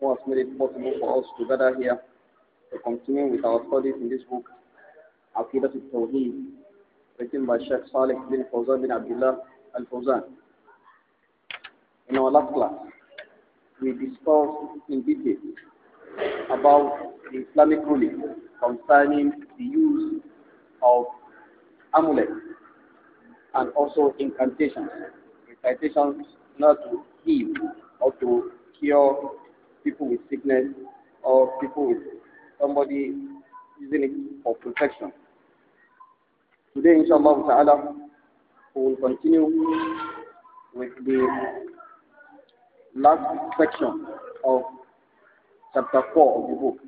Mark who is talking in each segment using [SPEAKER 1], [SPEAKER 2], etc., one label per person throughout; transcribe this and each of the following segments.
[SPEAKER 1] who has made it possible for us to gather here to continue with our studies in this book, Aqidat al-Tawheed, written by Sheikh Saleh bin Fawzan bin Abdullah al-Fawzan. In our last class, we discussed in detail about the Islamic ruling concerning the use of amulets and also incantations, recitations not to heal or to cure people with sickness or people with somebody using it for protection. Today, inshallah ta'ala, we will continue with the last section of chapter 4 of the book.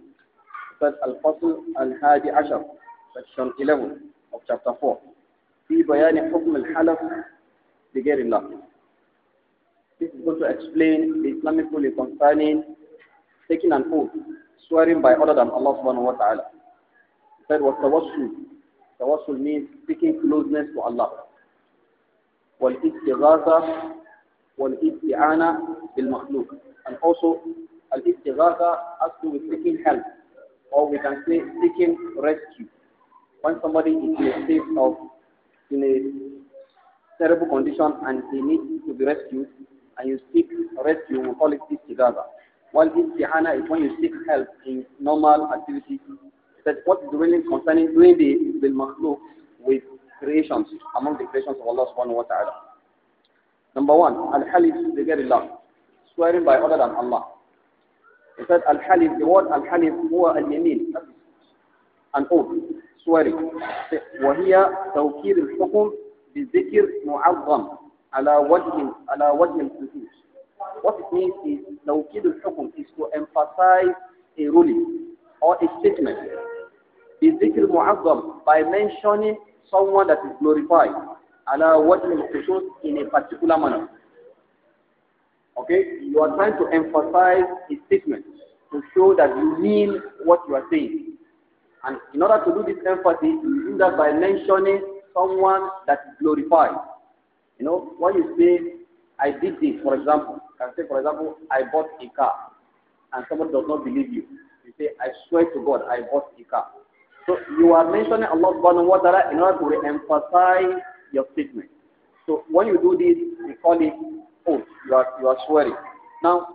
[SPEAKER 1] 1st Al-Fasl Al-Hadi Ashar, section 11 of chapter 4. في بيان حكم الحلف بغير This is going to explain the Islamic ruling concerning taking an oath, swearing by other than Allah subhanahu wa ta'ala. He said, what tawassul? Tawassul means seeking closeness to Allah. وَالْإِسْتِغَاثَةِ وَالْإِسْتِعَانَةِ بِالْمَخْلُوقِ And also, al-istighatha has to do with seeking help, or we can say seeking rescue. When somebody is in a state of, in a terrible condition and he needs to be rescued, and you seek rescue, we call it istighatha. While imtihana is when you seek help in normal activities. That what is really concerning doing the bil makhluk with creations among the creations of Allah subhanahu wa ta'ala. Number one, al halif bigairillah, swearing by other than Allah. He said al halif, the word al halif huwa al yamin, an oath, swearing. وهي توكيد zikir بذكر ala على ala على وجه الخصوص what it means is al الحكم is to emphasize a ruling or a statement. بذكر mu'azzam by mentioning someone that is glorified على وجه الخصوص in a particular manner. Okay, you are trying to emphasize a statement to show that you mean what you are saying. And in order to do this emphasis, you do that by mentioning someone that is glorified. You know, when you say I did this, for example. I say, for example, I bought a car, and someone does not believe you. You say, I swear to God, I bought a car. So you are mentioning Allah subhanahu wa ta'ala in order to emphasize your statement. So when you do this, you call it oath. You are, you are swearing. Now,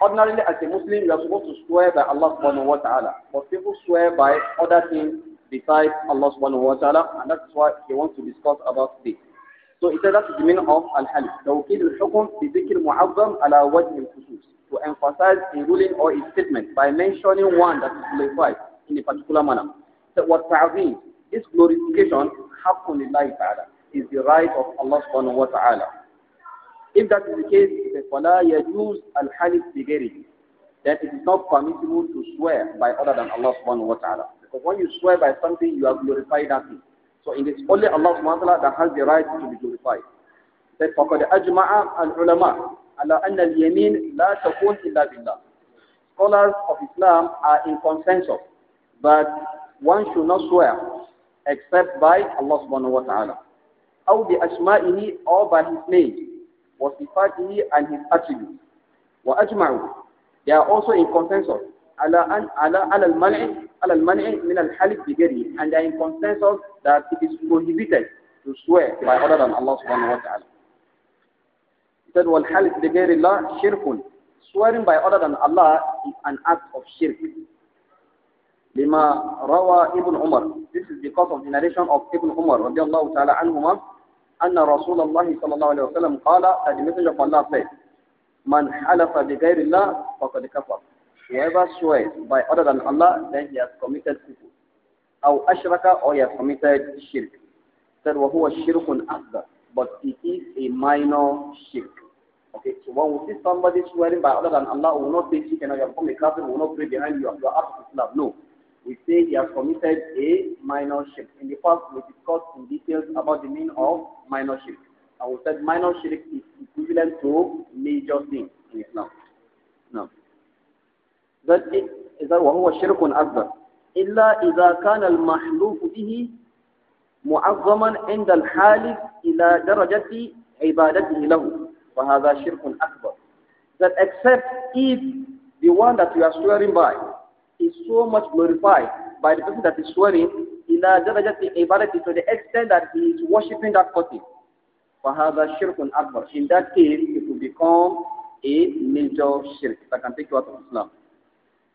[SPEAKER 1] ordinarily as a Muslim, you are supposed to swear by Allah subhanahu wa ta'ala. But people swear by other things besides Allah subhanahu wa ta'ala, and that's why he wants to discuss about this. So it said that is the meaning of al-halif. Tawqid al-hukum is dhikr mu'azzam ala wajh al-khusus. To emphasize a ruling or a statement by mentioning one that is glorified in a particular manner. So what ta'zim, this glorification, haqqun lillahi ta'ala, is the right of Allah subhanahu wa ta'ala. If that is the case, فَلَا al الْحَلِفْ بِغَيْرِهِ that it is not permissible to swear by other than Allah subhanahu wa ta'ala. Because when you swear by something, you are glorifying that thing. So it is only Allah subhanahu that has the right to be glorified. Then فَقَدْ أَجْمَعَ الْعُلَمَاء عَلَى أَنَّ الْيَمِينَ لَا تَكُونْ إِلَّا بِاللَّهِ Scholars of Islam are in consensus that one should not swear except by Allah subhanahu wa ta'ala. أو بأسمائه or by his name وصفاته and his attributes. وأجمعوا They are also in consensus على أن على على المنع على المنع من الحلف بجري and they are in consensus that it is prohibited to swear by other than Allah subhanahu wa ta'ala. He said, وَالْحَلِفْ بجري اللَّهِ شِرْكٌ Swearing by other than Allah is an act of shirk. لما روى ابن عمر This is because of the narration of ابن عمر رضي الله تعالى عنهما أن رسول الله صلى الله عليه وسلم قال that the messenger of Allah said من حلف بغير الله فقد كفر Whoever swears by other than Allah, then he has committed kufr. أو Ashraka, or he has committed shirk. Said وهو الشرك الأكبر but it is a minor shirk. Okay, so when we see somebody swearing by other than Allah, we will not say shirk and you have become a kafir, we will not pray behind you, you are out of No. We say he has committed a minor shirk. In the past, we discussed in details about the meaning of minor shirk. And we said minor shirk is equivalent to major sin in Islam. No. بل إذا وهو شرك أكبر إلا إذا كان المحلوف به معظما عند الحالف إلى درجة عبادته له فهذا شرك أكبر that except if the one that you are swearing by is so much glorified by the person that is swearing إلى درجة عبادته to the extent that he is worshipping that person فهذا شرك أكبر in that case it will become a major shirk that can take you out of Islam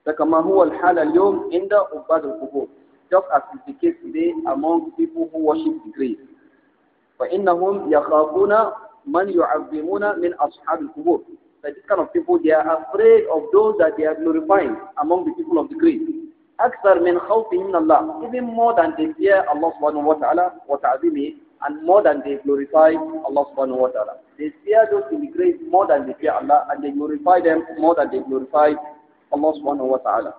[SPEAKER 1] فكما هو الحال اليوم عند عباد القبور just as is the case today among people who worship the grave فإنهم يخافون من يعظمون من أصحاب القبور that this kind of people they are afraid of those that they are glorifying among the people of the grave أكثر من خوفهم من الله even more than they fear Allah subhanahu wa ta'ala وتعظيمه and more than they glorify Allah subhanahu wa ta'ala. They fear those in the grave more than they fear Allah and they glorify them more than they glorify Allah subhanahu wa ta'ala.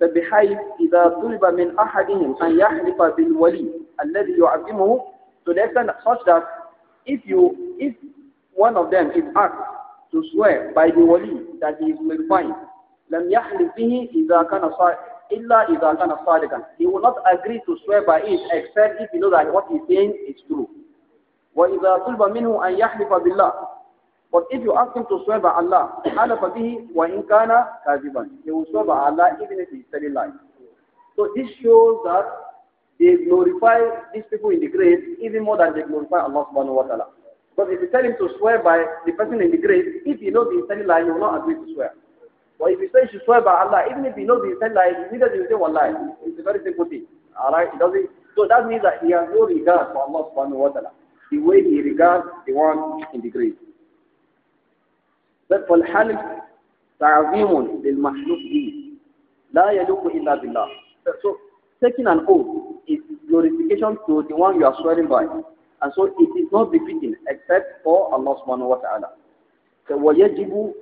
[SPEAKER 1] فبحيث إذا طلب من أحدهم أن يحلف بالولي الذي يعظمه to the extent such that if you if one of them is asked to swear by the wali that he is glorifying لم يحلف به إذا كان إلا إذا كان صادقا he will not agree to swear by it except if he knows that what he is saying is true وإذا طلب منه أن يحلف بالله but if you ask him to swear by Allah, حَلَفَ بِهِ وَإِنْ كَانَ He will swear by Allah even if he's telling lies. So this shows that they glorify these people in the grave even more than they glorify Allah subhanahu wa ta'ala. Because if you tell him to swear by the person in the grave, if he knows he's telling lies, he will not agree to swear. But if you say you swear by Allah, even if he knows he's telling he immediately you say one lie. It's a very simple thing. Alright? It doesn't so that means that he has no regard for Allah subhanahu wa ta'ala. The way he regards the one in the grave. But فالحلف تعظيم للمحلوف به لا يلوك إلا بالله. So taking an oath is glorification to the one you are swearing by. And so it is not befitting except for Allah subhanahu wa ta'ala. So وَيَجِبُ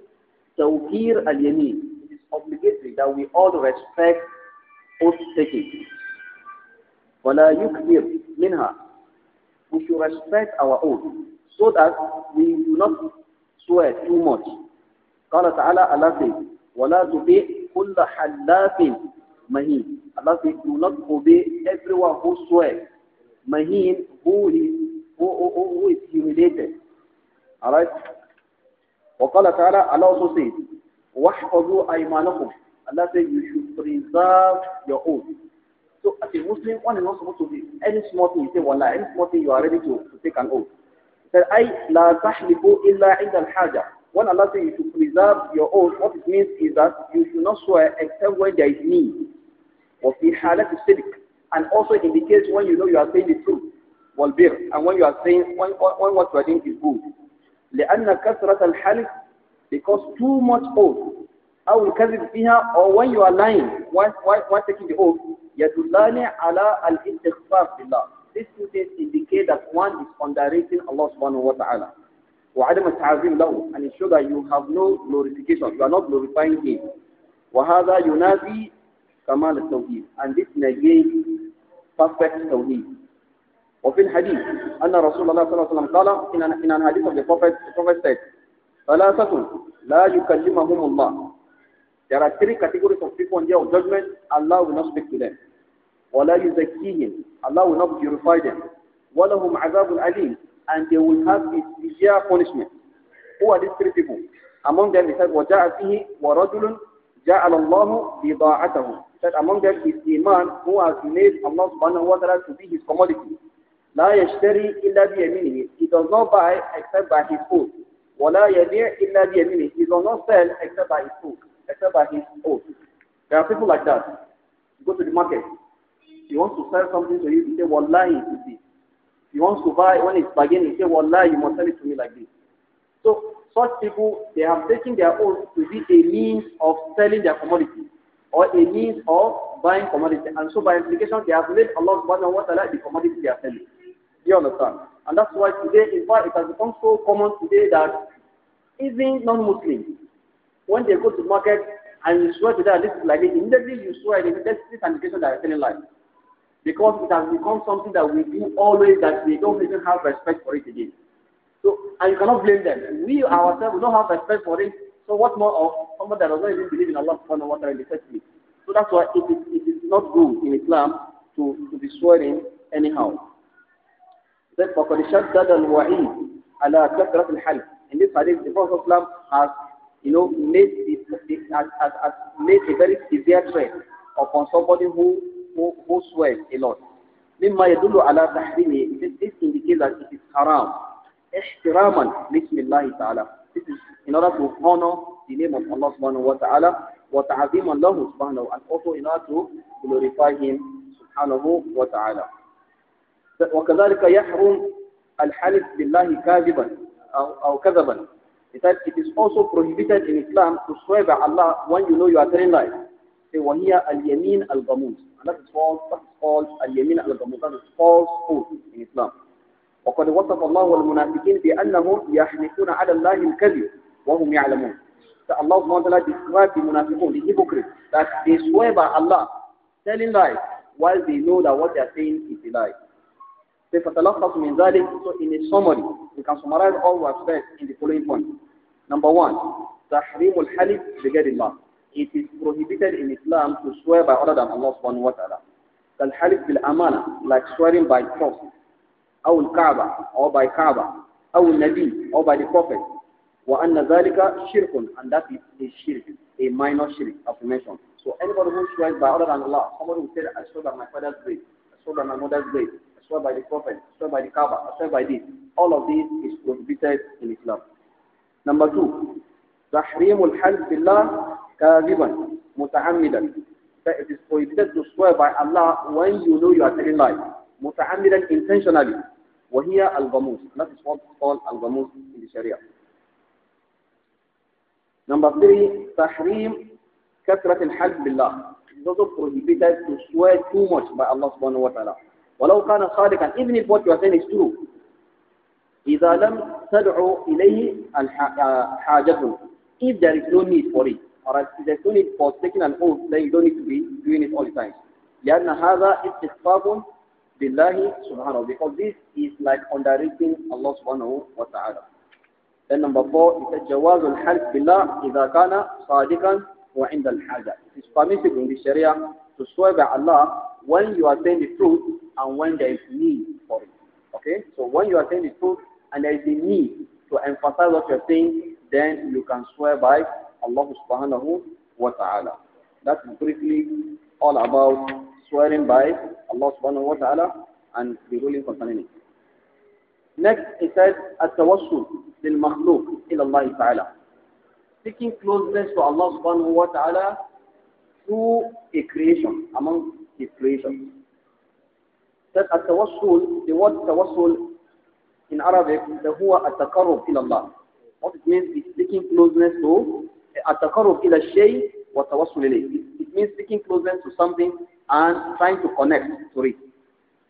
[SPEAKER 1] تَوْكِيرَ الْيَمِينِ It is obligatory that we all respect oath taking. وَلَا يُكْبِرْ مِنْهَا We should respect our oath so that we do not swear too much. قال تعالى Allah says, وَلَا تُبِئْ كُلَّ حَلَّافٍ مَهِينٍ Allah says, do not obey everyone who swear Mahin, who is, who, who, who is humiliated. Alright? وقال تعالى, Allah also says, وَاحْفَظُوا you should preserve your oath. So as a Muslim, one is not supposed to be any small thing, you say, Wallah, any small thing, you are ready to, to take an oath. That I la tahlifu illa inda al-haja. When Allah says you should preserve your oath, what it means is that you should not swear except when there is need. وفي حالة الصدق. And also indicates when you know you are saying the truth. والبر. And when you are saying, when, when what you are doing is good. لأن كثرة الحلف because too much oath أو الكذب فيها or when you are lying while, while, while taking the oath يدلان على الاستغفار بالله these two things indicate that one is underrating Allah subhanahu wa ta'ala. وعدم التعظيم له and it shows that you have no glorification you are not glorifying him وهذا ينافي كمال tawheed and this negates perfect tawheed. Of الحديث Hadith, رسول Rasulullah Sallallahu الله عليه وسلم in an hadith of the prophet the prophet said ثلاثة لا يكلمهم there are three categories of people on the day of judgment Allah will not speak to them وَلَا يُزَكِّيهِمْ Allah will not purify them. وَلَهُمْ عَذَابٌ أَلِيمٌ And they will have a severe punishment. Who are these three people? Among them he said, وَجَاءَ فِيهِ وَرَجُلٌ جَعَلَ اللَّهُ بِضَاعَتَهُ That among them is a man who has made Allah subhanahu wa ta'ala to be his commodity. لا يشتري إلا بيمينه He does not buy except by his food. ولا يبيع إلا بيمينه He does not sell except by his food, except by his food There are people like that. You go to the market, he wants to sell something to you, He say, Wallahi, it is this. He wants to buy, when it's bargaining. he say, Wallahi, you must sell it to me like this. So, such people, they have taken their oath to be a means of selling their commodity or a means of buying commodity. And so, by implication, they have made Allah subhanahu wa ta'ala the commodity they are selling. Do you understand? And that's why today, in fact, it has become so common today that even non-Muslims, when they go to the market and you swear to that this is like this, immediately you swear that this is an indication that they are selling lies because it has become something that we do always that we don't even have respect for it again. So, and you cannot blame them. We ourselves don't have respect for it. So what more of someone that does not even believe in Allah subhanahu wa ta'ala in the first So that's why it is, it is not good in Islam to, to be swearing anyhow. Then فَقَدْ شَدَّدَ الْوَعِيدِ عَلَى كَثْرَةِ الْحَلْفِ In this hadith, the Prophet Islam has, you know, made, it, has, has made a very severe threat upon somebody who who swears a lot. مما يدل على تحريمه this indicates that it is haram احتراما لاسم الله تعالى this is in order to honor the name of Allah سبحانه وتعالى وتعظيما له سبحانه and also in order to glorify him سبحانه وتعالى وكذلك يحرم الحلف بالله كاذبا أو, أو كذبا that it is also prohibited in Islam to swear by Allah when you know you are telling lies. وَهِيَ الْيَمِينَ الْغَمُوسِ And that is called that is called al-yamin al-gamud, that is false oath in Islam. وقد وصف الله المنافقين بأنهم يحلفون على الله الكذب وهم يعلمون. So Allah subhanahu described the munafiqun, the hypocrites, that they swear by Allah, telling lies, while they know that what they are saying is a lie. So in a summary, we can summarize all we have said in the following point. Number one, تحريم الحلف بغير الله it is prohibited in Islam to swear by other than Allah subhanahu wa ta'ala. bil amana, like swearing by trust أو Kaba or by Kaaba أو Nabi or by the Prophet anna ذلك shirkun, and that is a shirk a minor shirk as we mentioned so anybody who swears by other than Allah somebody who said I swear by my father's grave I swear by my mother's grave I swear by the Prophet I swear by the Kaaba I swear by this all of these is prohibited in Islam number two تحريم الحلف بالله كاذبا متعمدا it is prohibited to swear by Allah when you know you are telling lie متعمدا intentionally وهي الغموس that is what is called الغموس in the Sharia number three تحريم كثرة الحلف بالله it is also prohibited to swear too much by Allah subhanahu wa ta'ala ولو كان صادقا even if what you are saying is true إذا لم تدعو إليه حاجته if there is no need for it Alright, there's no need for taking an oath that you don't need to be doing it all the time. لأن هذا استخفاف بالله سبحانه because this is like underrating Allah subhanahu wa ta'ala. Then number four, it says جواز الحلف بالله إذا كان صادقا وعند الحاجة. It is permissible in the Sharia to swear by Allah when you are saying the truth and when there is need for it. Okay, so when you are saying the truth and there is a need to emphasize what you are saying, then you can swear by Allah subhanahu wa ta'ala. That is briefly all about swearing by Allah subhanahu wa ta'ala and the ruling concerning it. Next, it says, التوسل للمخلوق إلى الله تعالى. Seeking closeness to Allah subhanahu wa ta'ala through a creation, among his creations. That tawassul the word tawassul in Arabic, the huwa التقرب إلى الله. What it means is seeking closeness to التقرب إلى الشيء والتوصل إليه it means sticking closeness to something and trying to connect to it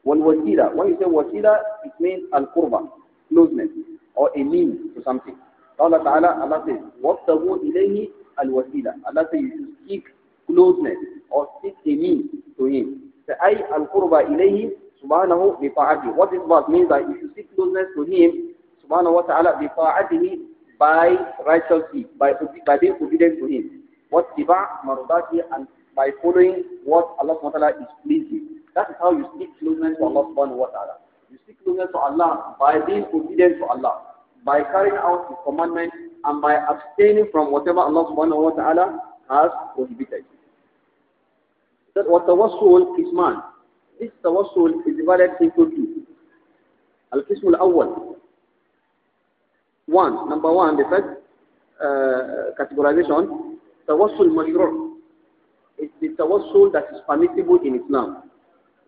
[SPEAKER 1] والوسيلة when you say وسيلة it means القربة closeness or a means to something قال تعالى Allah says وابتغوا إليه الوسيلة Allah says you should seek closeness or seek a means to him فأي القربة إليه سبحانه بطاعته what this verse means that you seek closeness to him سبحانه وتعالى بطاعته by righteousness, by, by being obedient to Him. What tiba marudati and by following what Allah subhanahu wa ta'ala is pleasing. That is how you seek closeness to Allah subhanahu wa ta'ala. You seek closeness to Allah by being obedient to Allah, by carrying out His commandments, and by abstaining from whatever Allah subhanahu wa ta'ala has prohibited. That what tawassul is man. This tawassul is divided into two. qism al-Awwal, one, number one, the first uh, categorization, tawassul mashru' is the tawassul that is permissible in Islam.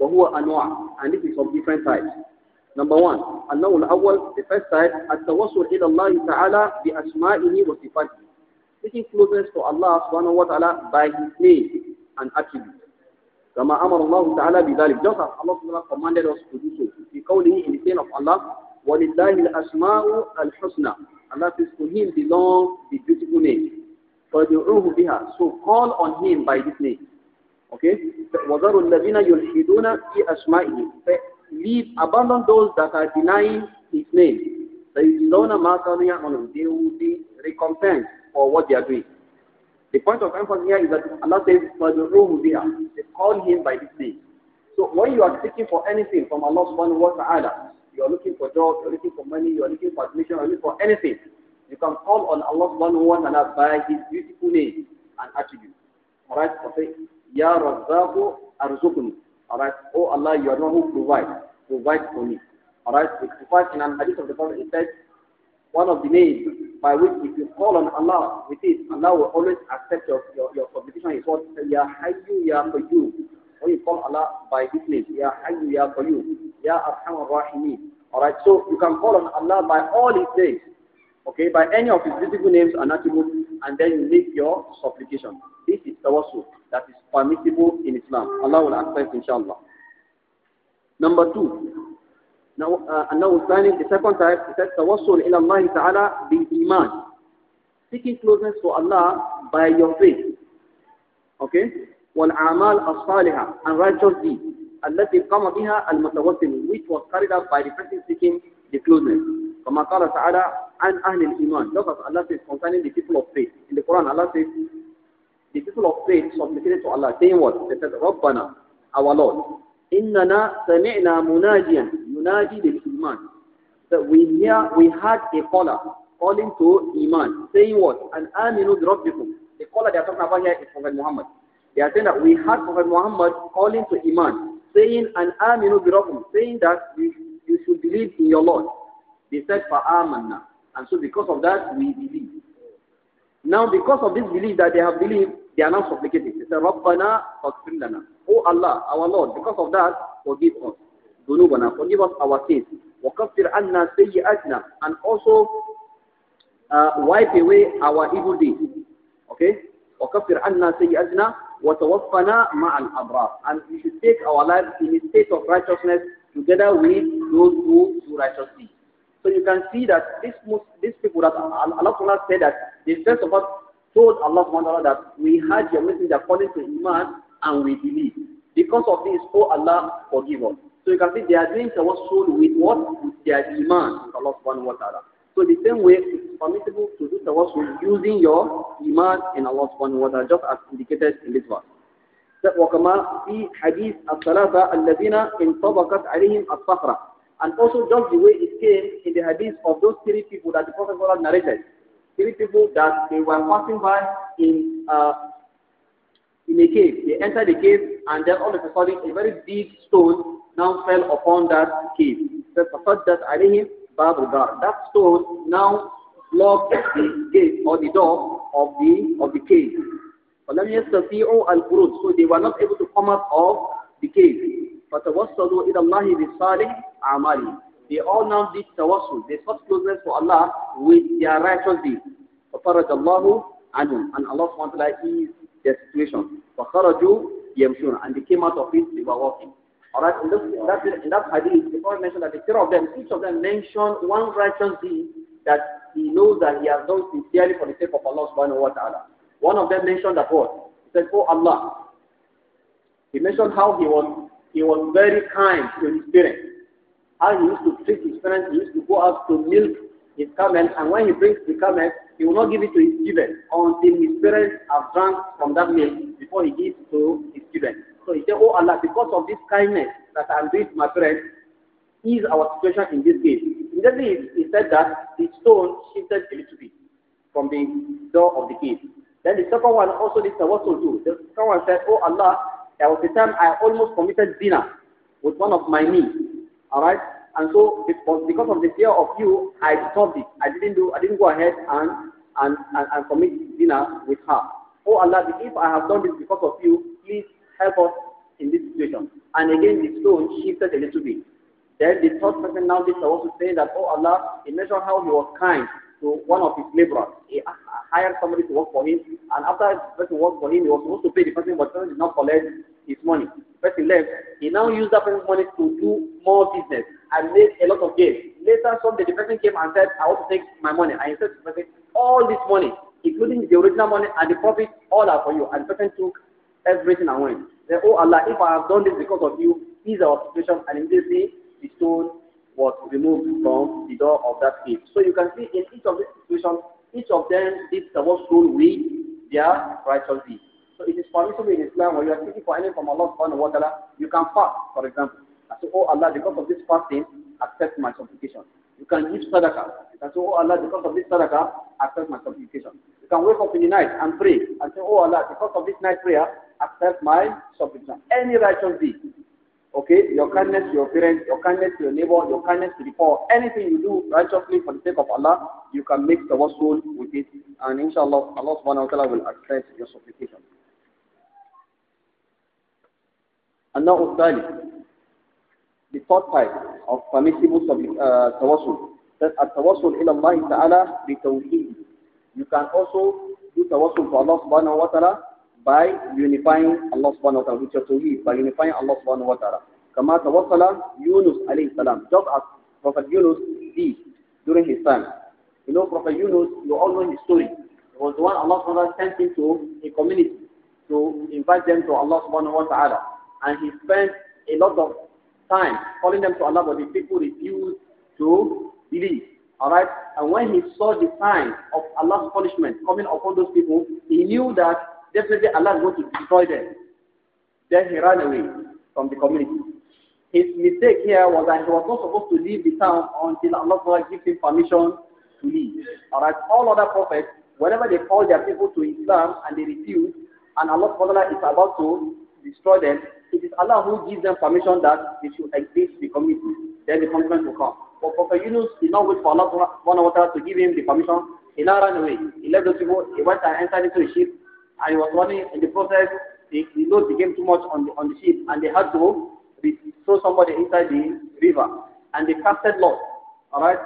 [SPEAKER 1] are أنواع and this is of different types. Number one, al الأول, the first type, Allah Taala bi تعالى بأسمائه وصفاته. Seeking closeness to Allah subhanahu wa ta'ala by His name and attributes. كما أمر الله تعالى بذلك. Just as Allah subhanahu wa ta'ala commanded us to do so. في قوله in the name of Allah, وَلِلَّهِ الْأَسْمَاءُ الْحُسْنَى Allah says, to him belong the beautiful name. فَدْعُوهُ بِهَا So call on him by this name. Okay? وَذَرُوا الَّذِينَ يُلْحِدُونَ فِي أَسْمَائِهِ Leave, abandon those that are denying his name. فَيُجْزَوْنَ مَا كَانُوا يَعْمَلُونَ They will be recompensed for what they are doing. The point of emphasis here is that Allah says, فَدْعُوهُ بِهَا They call him by this name. So when you are seeking for anything from Allah subhanahu wa ta'ala, you're looking for jobs, you're looking for money, you're looking for admission, you're looking for anything, you can call on Allah subhanahu wa ta'ala by His beautiful name and attributes. Alright, okay? Ya Razzaqu Arzukuni. Alright, oh Allah, you are the one who provides. Provide for me. Alright, it in an hadith of the Prophet, it says, one of the names by which if you call on Allah with it, Allah will always accept your, your, your supplication It's what? Ya Hayyu Ya Qayyum you call Allah by His name. Ya Hayyu, Ya Qayyum, Ya Ar-Rahim. Rahimin. Alright, so you can call on Allah by all His names. Okay, by any of His beautiful names and attributes, and then you make your supplication. This is tawassul that is permissible in Islam. Allah will accept, inshallah. Number two, now, uh, the second type is that tawassul ila Allah ta'ala bi iman. Seeking closeness to Allah by your faith. Okay? والأعمال الصالحة and righteous deeds التي قام بها المتوسل which was carried out by the person seeking the closeness كما قال تعالى عن أهل الإيمان just as Allah says concerning the people of faith in the Quran Allah says the people of faith submitted to Allah saying what they said ربنا our Lord إننا سمعنا مناجيا مناجي للإيمان that we hear we had a caller calling to Iman saying what and آمنوا بربكم the caller they are talking about here is Prophet Muhammad they are saying that we had Prophet Muhammad calling to Iman, saying, An aminu birakum, saying that you, you should believe in your Lord. They said, Fa'amanna. And so because of that, we believe. Now, because of this belief that they have believed, they are now supplicating. They say, Rabbana faghfir lana. Oh Allah, our Lord, because of that, forgive us. Dunubana, forgive us our sins. Waqafir anna sayyi'atna. And also, uh, wipe away our evil deeds. Okay? Waqafir anna sayyi'atna. وَتَوَفَّنَا مَعَ الْأَبْرَارِ And we should take our lives in a state of righteousness together with those who do righteousness. So you can see that this, these people that Allah Ta'ala said that they first of us told Allah Ta'ala that we had your messenger according to Iman and we believe. Because of this, oh Allah, forgive us. So you can see they are doing tawassul with what? With their Iman, Allah Subhanahu Wa Ta'ala. So the same way, it's permissible to do tawassul using your iman in Allah subhanahu wa ta'ala, just as indicated in this verse. وكما في حديث الثلاثة الذين انطبقت عليهم الصخرة and also just the way it came in the hadith of those three people that the Prophet narrated three people that they were passing by in uh, in a cave they entered the cave and then all of a sudden a very big stone now fell upon that cave فصدت عليهم Babu Dar. That stone now blocks the gate or the door of the of the cave. يستطيعوا الخروج so they were not able to come out of the cave فتوسلوا إلى الله بصالح أعمالهم they all now did tawassul they sought closeness to Allah with their righteous deeds ففرج الله عنهم and Allah subhanahu to ease their situation فخرجوا يمشون and they came out of it they were walking Alright, in, this, in, that, in that hadith, the Prophet mentioned that the three of them, each of them mentioned one righteous deed that he knows that he has done sincerely for the sake of Allah subhanahu wa ta'ala. One of them mentioned that what? He said, Oh Allah. He mentioned how he was he was very kind to his parents. How he used to treat his parents, he used to go out to milk his camel, and when he brings the camel, he will not give it to his children until his parents have drunk from that milk before he gives to his children. So he said, Oh Allah, because of this kindness that I'm doing to my friend, ease our situation in this gate." Immediately he said that the stone shifted a little bit from the door of the cave. Then the second one also did tawasul do?" The second one said, Oh Allah, there was a time I almost committed zina with one of my knees. Alright? And so because of the fear of you, I stopped it. I didn't do I didn't go ahead and and, and, and commit zina with her. Oh Allah, if I have done this because of you, please help us in this situation. And again, the stone shifted a little bit. Then the third person now did also say that, oh Allah, in measure how he was kind to one of his laborers. He uh, uh, hired somebody to work for him, and after the person worked for him, he was supposed to pay the person, but the person did not collect his money. The person left. He now used that person's money to do more business and made a lot of gains. Later, someday, the person came and said, I want to take my money. I said to the person, all this money, including the original money and the profit, all are for you. And the person took everything I want. Then, oh Allah, if I have done this because of you, is our situation and immediately the stone was removed from the door of that cave. So you can see in each of these situations, each of them did stone with their righteous deeds. So it is permissible in Islam when you are seeking for anything from Allah subhanahu wa ta'ala, you can fast, for example. And say, so, oh Allah, because of this fasting, accept my supplication. You can give sadaqah. You oh Allah, because of this sadaqah, accept my supplication. You can wake up in the night and pray and say, oh Allah, because of this night prayer, accept my supplication. Any righteous deed. Okay, your kindness to your parents, your kindness to your neighbor, your kindness to the poor, anything you do righteously for the sake of Allah, you can make the soul with it, and inshallah, Allah subhanahu wa ta'ala will accept your supplication. And now, Ustali, the third type of permissible uh, tawassul, that a tawassul ila Allah ta'ala bi tawheed. You can also do tawassul to Allah subhanahu wa ta'ala by unifying Allah subhanahu wa ta'ala with your tawheed, by unifying Allah subhanahu wa ta'ala. Kama tawakkala Yunus alayhi salam, just as Prophet Yunus did during his time. You know Prophet Yunus, you all know his story. He was the one Allah subhanahu wa ta'ala sent him to a community to invite them to Allah subhanahu wa ta'ala. And he spent a lot of time calling them to Allah, but the people refused to believe. Alright? And when he saw the sign of Allah's punishment coming upon those people, he knew that definitely Allah is going to destroy them. Then he ran away from the community. His mistake here was that he was not supposed to leave the town until Allah gives him permission to leave. Alright, all other prophets, whenever they call their people to Islam and they refuse, and Allah is about to destroy them, it is Allah who gives them permission that they should exit the community. Then the punishment will come. But Prophet Yunus did not wait for Allah to give him the permission. He now ran away. He left the people, he went and entered into the ship, and he was running in the process. The, the load became too much on the on the ship, and they had to throw somebody inside the river, and they casted lot. All right,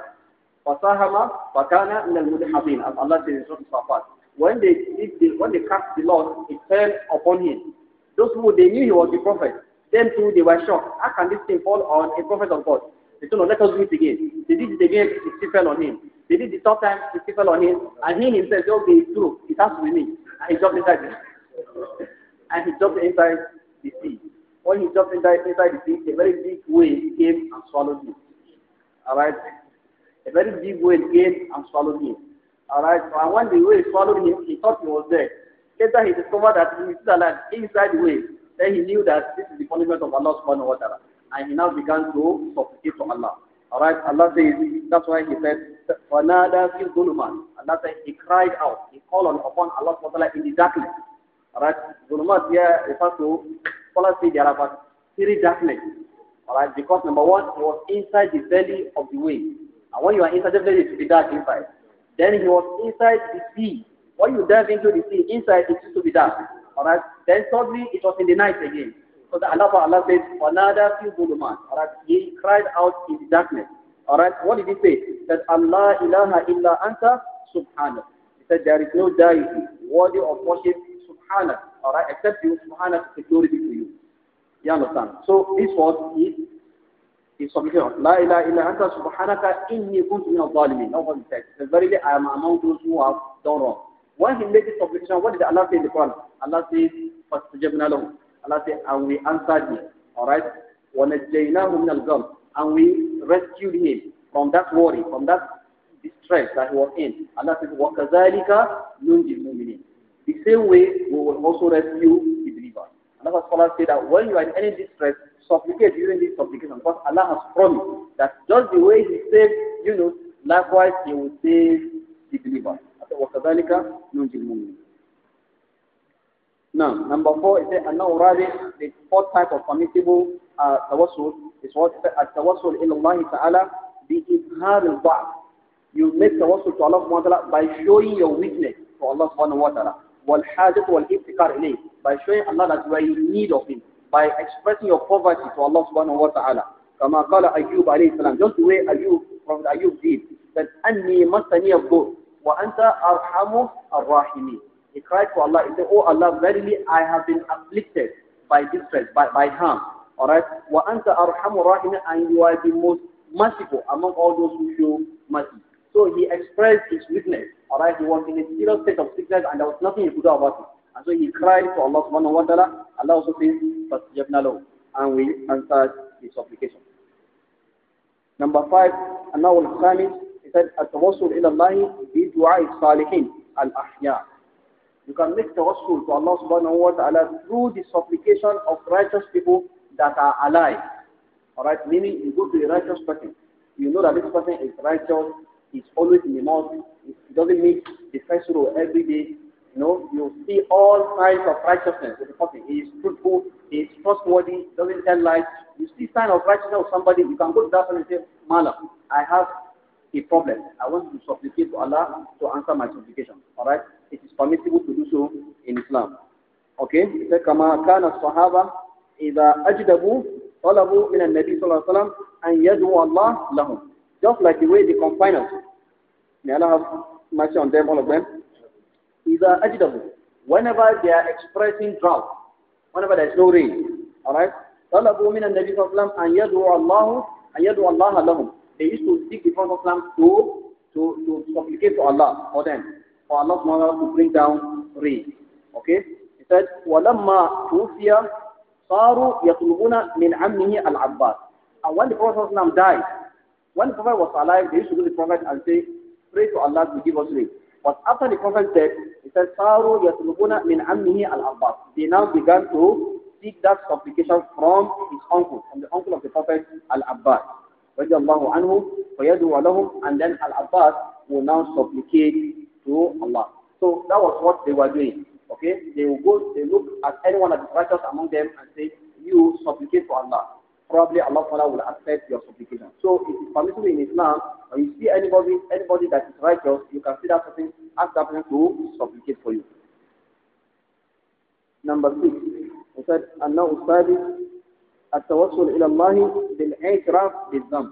[SPEAKER 1] fasahama fakana min al mudhamin, as Allah says in Surah Safat. When they, they when they cast the lot, it fell upon him. Those who they knew he was the prophet, them too they were shocked. How can this thing fall on a prophet of God? They said, no, let us do it again. They did it again, it still fell on him. They did it the third time, it still fell on him, and he himself, okay, it's true, it has to be me. and he jumped inside the and he jumped inside the sea. When he jumped inside, inside the sea, a very big wave came and swallowed him. Alright? A very big wave came and swallowed him. Alright? And when the wave swallowed him, he thought he was dead. Later he discovered that he was still alive inside the wave. Then he knew that this is the punishment of Allah subhanahu wa ta'ala. And he now began to supplicate to Allah. Alright, Allah says, that's why he said, فَنَادَى فِي الظُّلُمَاتِ Allah said, he cried out, he called upon Allah SWT in the darkness. Alright, zulumat here refers to, scholars say there are about three darkness. Alright, because number one, he was inside the belly of the wave. And when you are inside the belly, it will be dark inside. Then he was inside the sea. When you dive into the sea, inside it used to be dark. Alright, then suddenly it was in the night again. So the Allah, Allah says, وَنَادَى فِي ظُلُمَاتٍ Alright, he cried out in darkness. Alright, what did he say? That Allah ilaha illa anta subhanah. He said, there is no deity worthy of worship subhanah. Alright, except you, subhanah is security to you. You understand? So this was his, his supplication La ilaha illa anta subhanaka inni kuntu min al-zalimin. Now what he said, he said, verily I am among those who have done wrong. When he made this submission, what did Allah say in the Quran? Allah says, فَاسْتَجَبْنَا لَهُ Allah said, and we answered him. Alright? And we rescued him from that worry, from that distress that he was in. Allah says, وَكَذَلِكَ نُنْجِ الْمُؤْمِنِينَ The same way, we will also rescue the believer. Another scholar said that when you are in any distress, supplicate during this supplication because Allah has promised that just the way He saved know, likewise He will save the believer. وَكَذَلِكَ نُنْجِ الْمُؤْمِنِينَ now, number four is أنه رابع the fourth type of permissible uh, tawassul is what uh, at in Allah Taala الله تعالى al الضعف. You make tawassul to Allah subhanahu ta'ala by showing your weakness to Allah subhanahu wa ta'ala. والحاجة والافتقار إليه by showing Allah that you are in need of Him by expressing your poverty to Allah subhanahu wa ta'ala. كما قال أيوب alayhi salam, just the way Ayub from Ayub did that أني مسني الضر وأنت أرحم الراحمين he cried to Allah, he said, Oh Allah, verily I have been afflicted by distress, by, by harm. Alright? anta arhamu rahim, And you are the most merciful among all those who show mercy. So he expressed his weakness. Alright? He was in a serious state of sickness and there was nothing he could do about it. And so he cried to Allah subhanahu wa ta'ala. Allah also says, not لَهُ And we answered his supplication. Number five, أنه الخامس, he said, التوصل إلى الله salihin al-ahya." You can make tawassul to Allah subhanahu wa ta'ala through the supplication of righteous people that are alive. Alright, meaning you go to a righteous person. You know that this person is righteous, he's always in the mosque, he doesn't meet the first row every day. You know, you see all signs of righteousness in the person. He is truthful, he is trustworthy, doesn't tell lies. You see sign of righteousness of somebody, you can go to that person and say, Mala, I have a problem, I want to supplicate to Allah to answer my supplication. Alright? It is permissible to do so in Islam. Okay? كما كان الصحابة إذا أجدبوا طلبوا من النبي صلى الله عليه وسلم أن يدعو الله لهم. Just like the way the confiners, may Allah have mercy on them, all of them, إذا أجدبوا, whenever they are expressing drought, whenever there is no rain, alright? طلبوا من النبي صلى الله عليه وسلم أن يدعو الله أن يدعو الله لهم. They used to seek the Prophet to, to, to supplicate to Allah for them, for Allah subhanahu to bring down rain. Okay? He said, وَلَمَّا تُوفِيَ صَارُوا يَطْلُبُونَ مِنْ عَمِّهِ الْعَبَّاسِ And when the Prophet died, when the Prophet was alive, they used to go to the Prophet and say, pray to Allah to give us rain. But after the Prophet said, he said, صَارُوا yatlubuna مِنْ عَمِّهِ al abbas They now began to seek that supplication from his uncle, from the uncle of the Prophet al-Abbas. لَهُمْ And then Al-Abbas will now supplicate to Allah. So that was what they were doing. Okay? They will go, they look at anyone that is righteous among them and say, you supplicate to Allah. Probably Allah will accept your supplication. So it is permissible in Islam, when you see anybody anybody that is righteous, you can see that person, ask that person to supplicate for you. Number six, he said, أَنَّهُ السَّادِسُ التوسل إلى الله بالاعتراف بالذنب.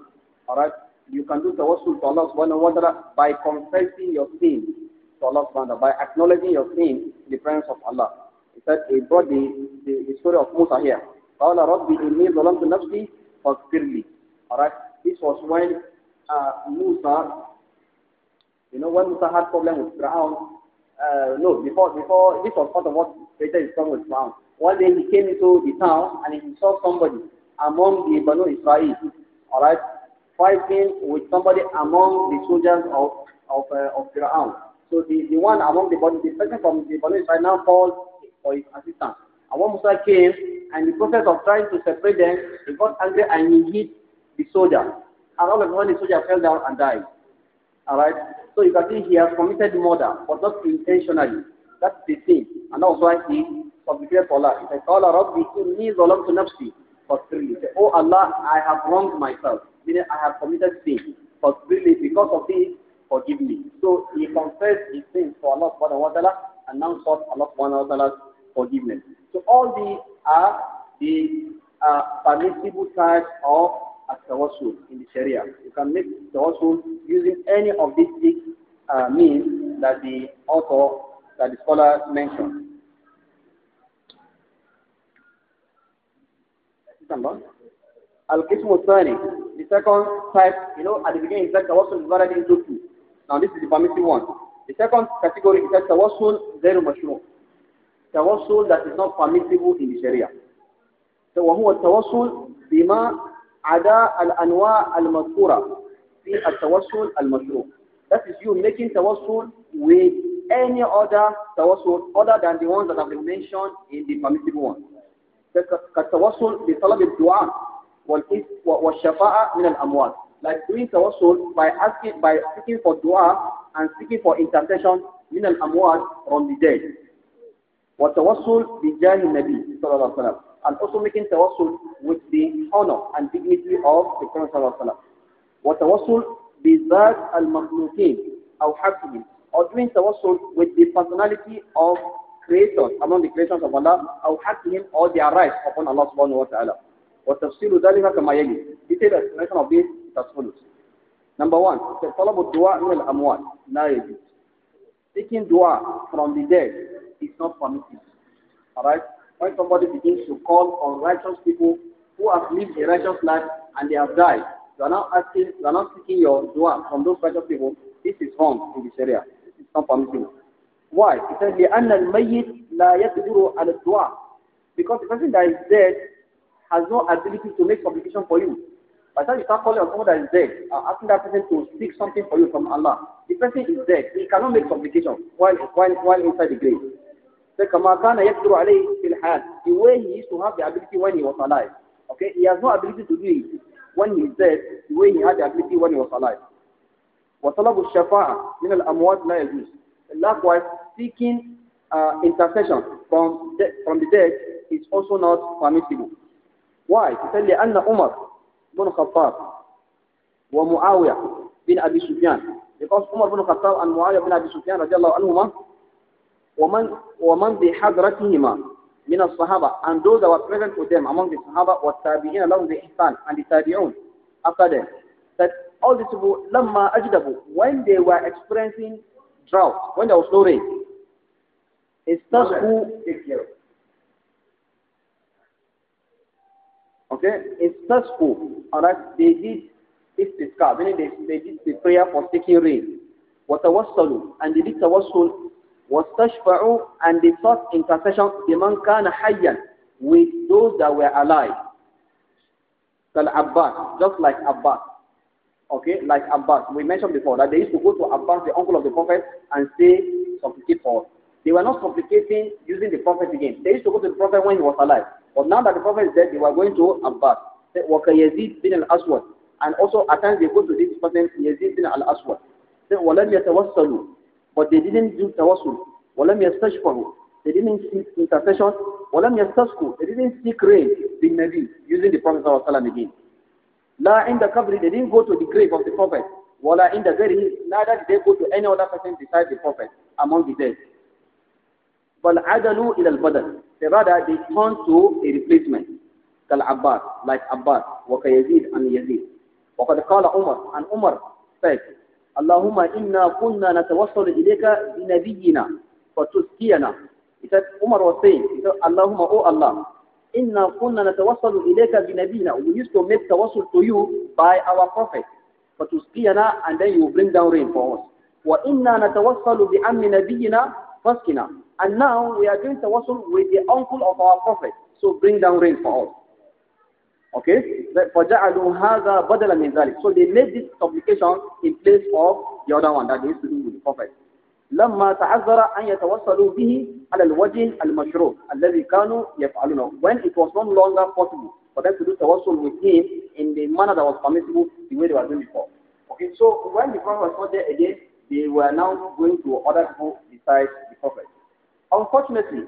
[SPEAKER 1] Alright? You can do tawassul to Allah subhanahu wa by confessing your sin to Allah subhanahu wa by acknowledging your sin in the presence of Allah. He said, he brought the, the, the story of Musa here. قَالَ رَبِّ إِنِّي ظَلَمْتُ نَفْسِي فَاغْفِرْ لِي Alright? This was when uh, Musa, you know, when Musa had problem with Fir'aun, uh, no, before, before, this was part of what later is problem with Fir'aun. One day he came into the town and he saw somebody among the Banu Israel, all right, fighting with somebody among the soldiers of of uh, of Firaun. So the, the one among the Banu, the person from the Banu Israel now called for his assistance. And when Musa came, and the process of trying to separate them, he got angry and he hit the soldier. And all of a sudden, the soldier fell down and died. All right. So you can see he has committed murder, but not intentionally. That's the thing, and that's why he supplicated for Allah. He said, قَالَ رَبِّ إِنِّي ظَلَمْت نَفْسِي فَاغْفِرْلِي He said, Oh Allah, I have wronged myself, meaning I have committed sin. Faghfirli, because of this, forgive me. So he confessed his sins for Allah subhanahu wa ta'ala and now sought Allah subhanahu wa ta'ala's forgiveness. So all these are the uh, permissible types of tawassul in the Sharia. You can make tawassul using any of these six uh, means that the author, that the scholar mentioned. Number. Al-Qism al the second type, you know, at the beginning is that tawassul divided into two. Now this is the permissive one. The second category is that tawassul zero mashru. Tawassul that is not permissible in the Sharia. So what tawassul? ada al-anwa al عدا الأنواع المذكورة tawassul al-masrur. المشروع. That is you making tawassul with any other tawassul other than the ones that have been mentioned in the permissible one. كالتوسل بطلب الدعاء والشفاعة من الأموات like doing tawassul by asking by seeking for dua and seeking for intercession من الأموات from the dead والتوسل بجاه النبي صلى الله عليه وسلم and also making tawassul with the honor and dignity of the Prophet صلى الله عليه وسلم والتوسل بذات المخلوقين أو حقهم or doing tawassul with the personality of creators among the creations of Allah have أو حقهم all their rights upon Allah subhanahu wa ta'ala What وتفسير ذلك كما يلي detailed explanation of this is as follows number one the الدعاء من الأموات لا يجوز taking dua from the dead is not permitted alright when somebody begins to call on righteous people who have lived a righteous life and they have died you are now asking you are not seeking your dua from those righteous people this is wrong in this area. It's not permitted. Why? لأن الميت لا على Because the person that is dead has no ability to make supplication for you. By the time you start calling on someone that is dead, uh, asking that person to speak something for you from Allah, the person is dead. He cannot make supplication while, while, while inside the grave. So, كما كان يقدر عليه في The way he used to have the ability when he was alive. Okay? He has no ability to do it when he is dead, the way he had the ability when he was alive. وطلب الشفاعة من الأموات لا يجوز. Likewise, seeking uh, intercession from the, from the dead is also not permissible. Why? Because لأن عمر بن الخطاب ومعاوية بن أبي سفيان because عمر بن الخطاب and معاوية بن أبي سفيان رضي الله عنهما ومن ومن بحضرتهما من الصحابة and those that were present with them among the Sahaba والتابعين لهم بإحسان and the تابعون after them that all these people لما أجدبوا when they were experiencing drought when there was no rain Istasqu. Take care. Okay, istasqu. Alright, they did istisqa. Meaning they, they did the prayer for taking rain. وتوصلوا and they did tawassul. واستشفعوا and they sought intercession بمن kana حيا with those that were alive. Abbas, just like Abbas. Okay, like Abbas. We mentioned before that they used to go to Abbas, the uncle of the Prophet, and say, supplicate for they were not complicating using the prophet again. They used to go to the prophet when he was alive. But now that the prophet is dead, they were going to Abbas. Yazid bin al-Aswad. And also at times they go to this person, Yazid bin al-Aswad. وَلَمْ يَتَوَسَّلُوا But they didn't do tawassul. for him. They didn't seek intercession. وَلَمْ يَسْتَسْقُوا They didn't seek rain, bin Nabi, using the Prophet again. La in the qabri, they didn't go to the grave of the Prophet. Wala in the grave, neither did they go to any other person besides the Prophet among the dead. فالعدل إلى البدل They rather they turn to a replacement كالعباس like Abbas وكيزيد and Yazid وقد قال عمر and Umar said اللهم إنا كنا نتوصل إليك بنبينا فتزكينا He said Umar was saying he said اللهم oh Allah إنا كنا نتوصل إليك بنبينا We used to make tawassul to you by our prophet فتزكينا and then you bring down rain for us وإنا نتوصل بأمن نبينا فاسكنا And now we are doing tawassul with the uncle of our Prophet. So bring down rain for us. Okay? هَذَا So they made this supplication in place of the other one that is to do with the Prophet. لما تعذر أن يتوصلوا به على الوجه المشروع الذي كانوا يفعلونه when it was no longer possible for them to do tawassul with him in the manner that was permissible the way they were doing before. Okay, so when the Prophet was not there again, they were now going to other people besides the Prophet. Unfortunately,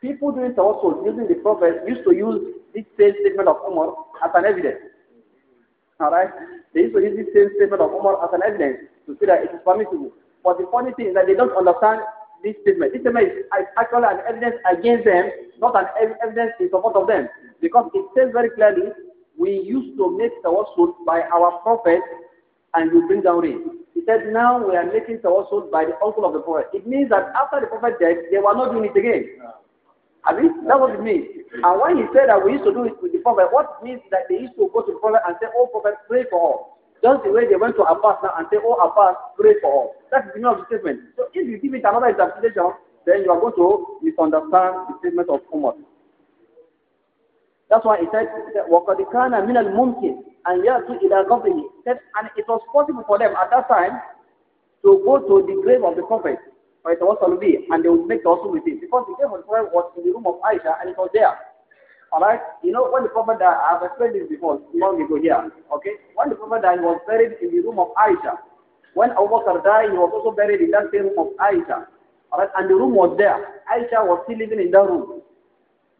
[SPEAKER 1] people doing tawassul using the Prophet used to use this same statement of Umar as an evidence. Alright? They used to use this same statement of Umar as an evidence to say that it is permissible. But the funny thing is that they don't understand this statement. This statement is actually an evidence against them, not an evidence in support of them. Because it says very clearly, we used to make tawassul by our Prophet and you bring down rain. He said, now we are making tawassul by the uncle of the prophet. It means that after the prophet died, they were not doing it again. I mean, that was it means. And when he said that we used to do it with the prophet, what it means that they used to go to the prophet and say, oh prophet, pray for us. Just the way they went to Abbas now and say, oh Abbas, pray for us. That's the meaning of the statement. So if you give it another interpretation, then you are going to misunderstand the statement of Umar. That's why he said, وَقَدْ كَانَ مِنَ الْمُمْكِنِ أَنْ يَأْتُوا إِلَىٰ قَبْرِهِ said, And it was possible for them at that time to go to the grave of the Prophet, for it was Salubi, and they would make the also with him. Because the grave of the Prophet was in the room of Aisha, and it was there. Alright? You know, when the Prophet died, I have explained this before, long ago here. Okay? When the Prophet died, he was buried in the room of Aisha. When Abu Bakr died, he was also buried in that same room of Aisha. Alright? And the room was there. Aisha was still living in that room.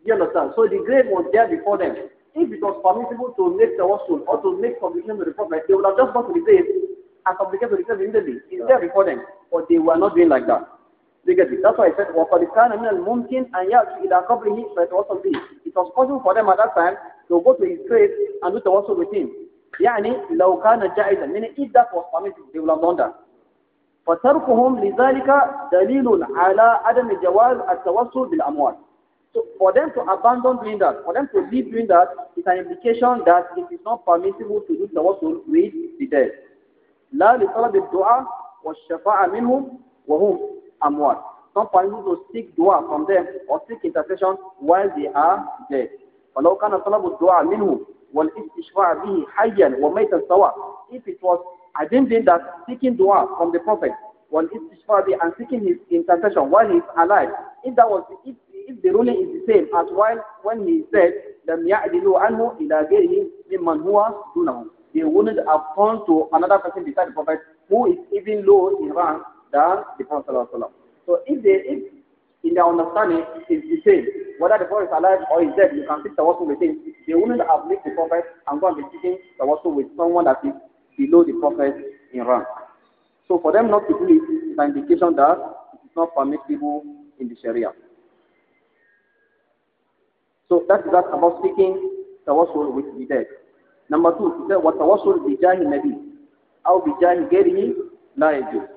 [SPEAKER 1] You understand? So the grave was there before them. If it was permissible to make the tawassul or to make supplication to the Prophet, they would have just gone to the grave and supplicated to the grave immediately. It's there before them. But they were not doing like that. They get it. That's why I said, وَقَدْ كَانَ مِنَ الْمُمْكِنِ أَنْ يَأْتُوا إِلَىٰ قَبْرِهِ فَيَتَوَسَّلْ بِهِ It was possible for them at that time to go to his grave and do the tawassul with him. يعني لو كان جائزا meaning if that was permissible they would have done that. فتركهم لذلك دليل على عدم جواز التوسل بالأموال so for them to abandon doing that, for them to leave doing that, is an implication that it is not permissible to do tawassul with the dead. لا لطلب الدعاء والشفاعة منهم وهم أموات. Not permissible to seek dua from them or seek intercession while they are dead. فلو كان طلب الدعاء منهم والاستشفاع به حيا وميتا سواء. If it was think that seeking dua from the Prophet والاستشفاع به and seeking his intercession while he is alive, if that was if if the ruling is the same as while when he said لم يعدلوا عنه إلى غيره ممن هو دونه they wouldn't have gone to another person beside the Prophet who is even lower in rank than the Prophet so if they if in their understanding is the same whether the Prophet is alive or is dead you can the tawassul with him they wouldn't have left the Prophet and gone and be seeking tawassul with someone that is below the Prophet in rank so for them not to do it is an indication that it is not permissible in the Sharia. So that's that about speaking tawassul with the dead. Number two, he said, وَتَوَصُّلْ Nabi? How أو بِجَاهِ غَيْرِهِ لَا يَجُوزُ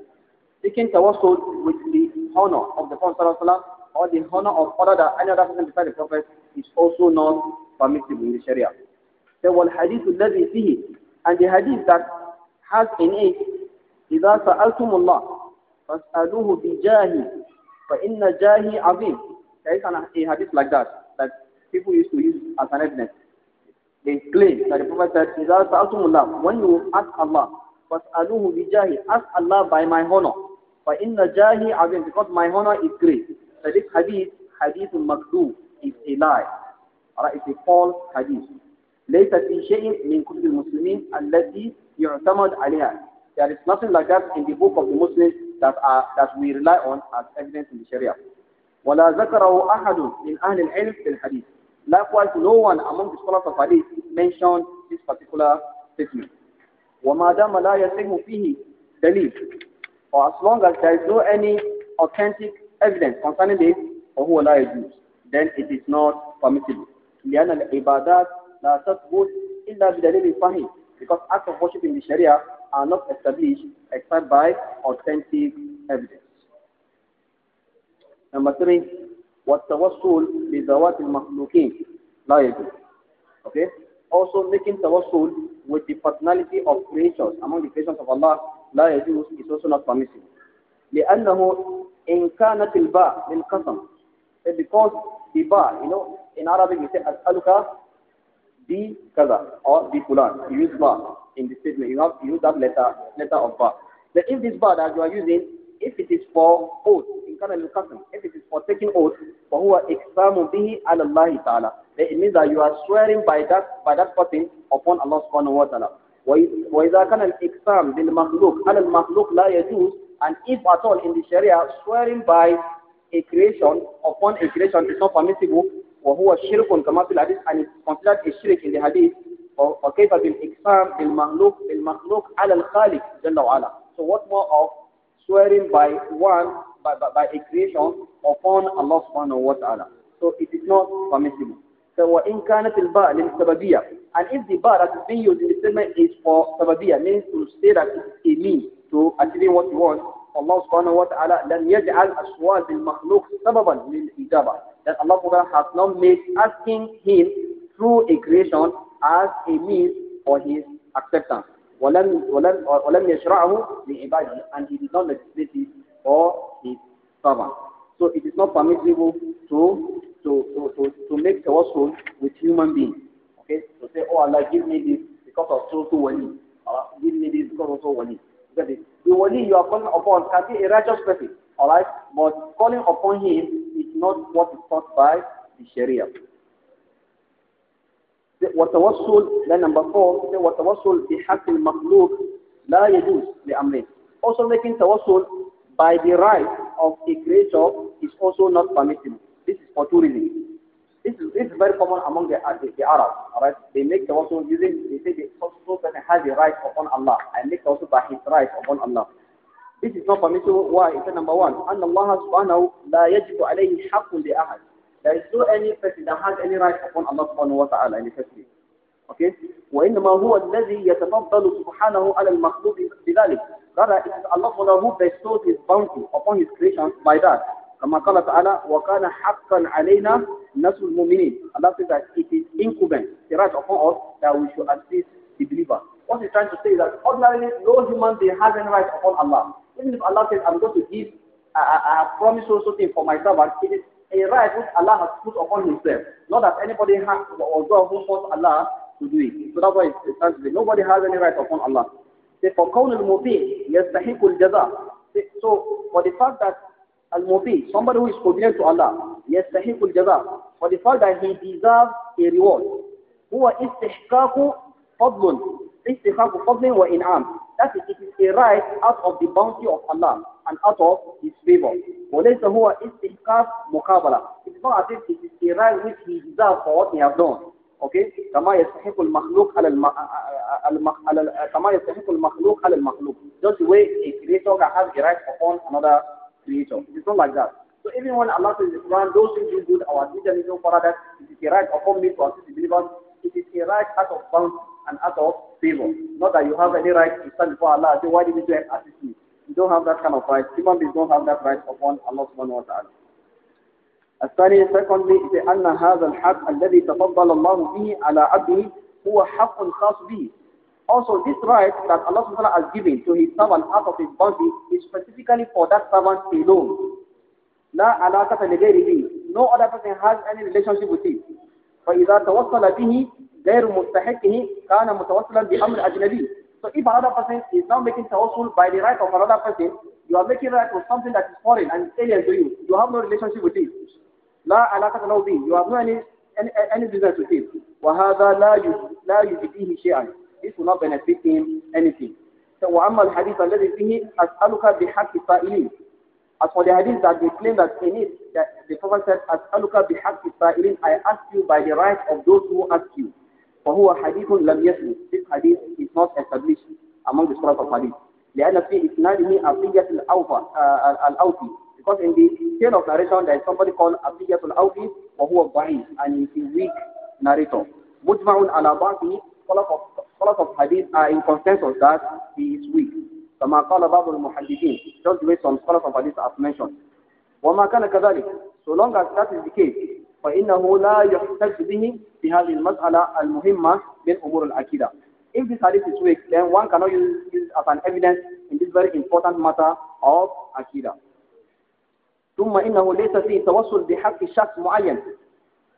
[SPEAKER 1] Seeking tawassul with the honor of the Prophet ﷺ or the honor of other than any other person beside the Prophet is also not permissible in the Sharia. There was hadith الذي فيه and the hadith that has in it إذا سألتم الله فاسألوه بجاهي فإن جاهي عظيم. There is a hadith like that people used to use as an evidence. They claim that the Prophet said, Allah, when you ask Allah, فَاسْأَلُوهُ بِجَاهِ Ask Allah by my honor. فَإِنَّ جَاهِ عَظِيمٌ Because my honor is great. So this hadith, hadith makdoof, is a lie. Or it's a false hadith. لَيْسَ فِي شَيْءٍ مِنْ كُتُبِ الْمُسْلِمِينَ الَّذِي يُعْتَمَدْ عَلَيْهَا There is nothing like that in the book of the Muslims that, are, that we rely on as evidence in the Sharia. ولا ذكره أحد من أهل العلم في الحديث Likewise, no one among the scholars of hadith mentioned this particular statement. وَمَادَمَ لَا يَسِهُ فِيهِ دَلِيلٌ Or as long as there is no any authentic evidence concerning this, or who لَا used, Then it is not permissible. لأن العبادات لا تثبت إلا بدليل صحيح Because acts of worship in the Sharia are not established except by authentic evidence. Number three, والتوسل لذوات المخلوقين لا يجوز okay also making tawassul with the personality of creatures among the creation of Allah لا يجوز is also not permissible لأنه إن كانت الباء للقسم because the ba you know in Arabic we say أسألك bi kaza or bi fulan you use ba in the statement you have to use that letter letter of ba then if this ba that you are using if it is for oath in if it is for taking oath fa huwa iqsamu bihi ala Allah ta'ala then it means that you are swearing by that by that person upon Allah subhanahu wa ta'ala wa idha kana al iqsam bil makhluq ala al makhluq la yajuz and if at all in the sharia swearing by a creation upon a creation is not permissible or wa huwa shirkun kama fil hadith and it's considered a shirk in the hadith وكيف بالإقسام بالمخلوق al على الخالق جل وعلا. So what more of swearing by one by, by, by a creation upon Allah subhanahu wa ta'ala. So it is not permissible. So in كَانَتِ الْبَاءَ لِلْسَبَبِيَّةِ And if the ba that is being used in the statement is for sababiyah, means to say that it is a means to achieving what you want, Allah subhanahu wa ta'ala then لَمْ يَجْعَلْ أَصْوَاتِ الْمَخْلُوقِ سَبَبًا لِلْإِجَابَةِ That Allah subhanahu wa ta'ala has not made asking him through a creation as a means for his acceptance. وَلَمْ, وَلَمْ, وَلَمْ يَشْرَعَهُ لِعِبَادِهِ And he did not legislate it or his servant. So it is not permissible to to, to, to, to make tawassul with human beings. Okay? To say, oh Allah, give me this because of so so wali. Allah, give me this because of so wali. Because it, the wali you are calling upon can be a righteous person. Alright? But calling upon him is not what is taught by the Sharia. what والتوسل then number four the what والتوسل makhluk la لا li amri. also making tawassul by the right of a creator is also not permissible. This is for two reasons. This is, this is very common among the, uh, the, the Arabs, alright? They make the also using, they say the so person has the right upon Allah, and make also by his right upon Allah. This is not permissible. Why? It's number one. And Allah subhanahu la yajibu alayhi haqqun li ahad. There is no any person that has any right upon Allah subhanahu wa ta'ala in the first place. Okay? وإنما هو الذي يتفضل سبحانه على المخلوق بذلك. Rather, it is Allah who bestows His bounty upon His creation by that. كما Taala تعالى وكان حقا علينا نصر المؤمنين Allah says that it is incumbent, the right upon us that we should assist the believer. What he's trying to say is that ordinarily no human being has any right upon Allah. Even if Allah says, I'm going to give, I, I, I promise so something for myself, it is a right which Allah has put upon himself. Not that anybody has, or God who forced Allah to do it. So that's why it's, it's, nobody has any right upon Allah. Say, for kawn al So, for the fact that al-muti, somebody who is obedient to Allah, yastahiq al-jaza. For the fact that he deserves a reward. هو استحقاق فضل استحقاق فضل وإنعام That is, it is a right out of the bounty of Allah and out of His favor. وليس هو استحقاق مقابلة. It's not as if it is a right which he deserves for what he has done. Okay? Kama yastahiqul makhluq kama yastahiqul makhluq al makhluq. Just the way a creator can have a right upon another creator. It's not like that. So even when Allah says in the Quran, those who do good, our teacher is no further that it is a right upon me to assist the believers. It is a right out of bounty and out of favor. Not that you have any right to stand before Allah and say, why did you do assist me? You don't have that kind of right. Human beings don't have that right upon Allah subhanahu wa ta'ala. الثاني secondly أن هذا الحق الذي تفضل الله به على عبده هو حق خاص به Also, this right that Allah subhanahu wa ta'ala has given to his servant out of his bounty is specifically for that servant alone. لا علاقة لغيره No other person has any relationship with it. فإذا توصل به غير مستحقه كان متوصلا بأمر أجنبي. So if another person is now making tawassul by the right of another person, you are making right with something that is foreign and alien to you. You have no relationship with it. لا علاقة له به you have no any any, any business with him وهذا لا لا يجديه شيئا this will not benefit him anything so وأما الحديث الذي فيه أسألك بحق السائلين As for the hadith that they claim that in it, that the Prophet said, As'aluka bihaqi sa'ilin, I ask you by the right of those who ask you. فهو حديث لم يثبت. This hadith is not established among the scholars of hadith. لأن في إسناده عطية الأوفى because in the chain of narration, there is somebody called Abiyatul Awfi, or who is and he is a weak narrator. Mujma'un ala ba'fi, scholars of hadith are in consensus that he is weak. كما قال بعض المحدثين just the way some scholars of hadith have mentioned وما كان كذلك so long as that is the case فإنه لا يحتج به في هذه المسألة المهمة من أمور العقيدة if this hadith is weak then one cannot use it as an evidence in this very important matter of akida. ثم إنه ليس توصل بحق شخص معين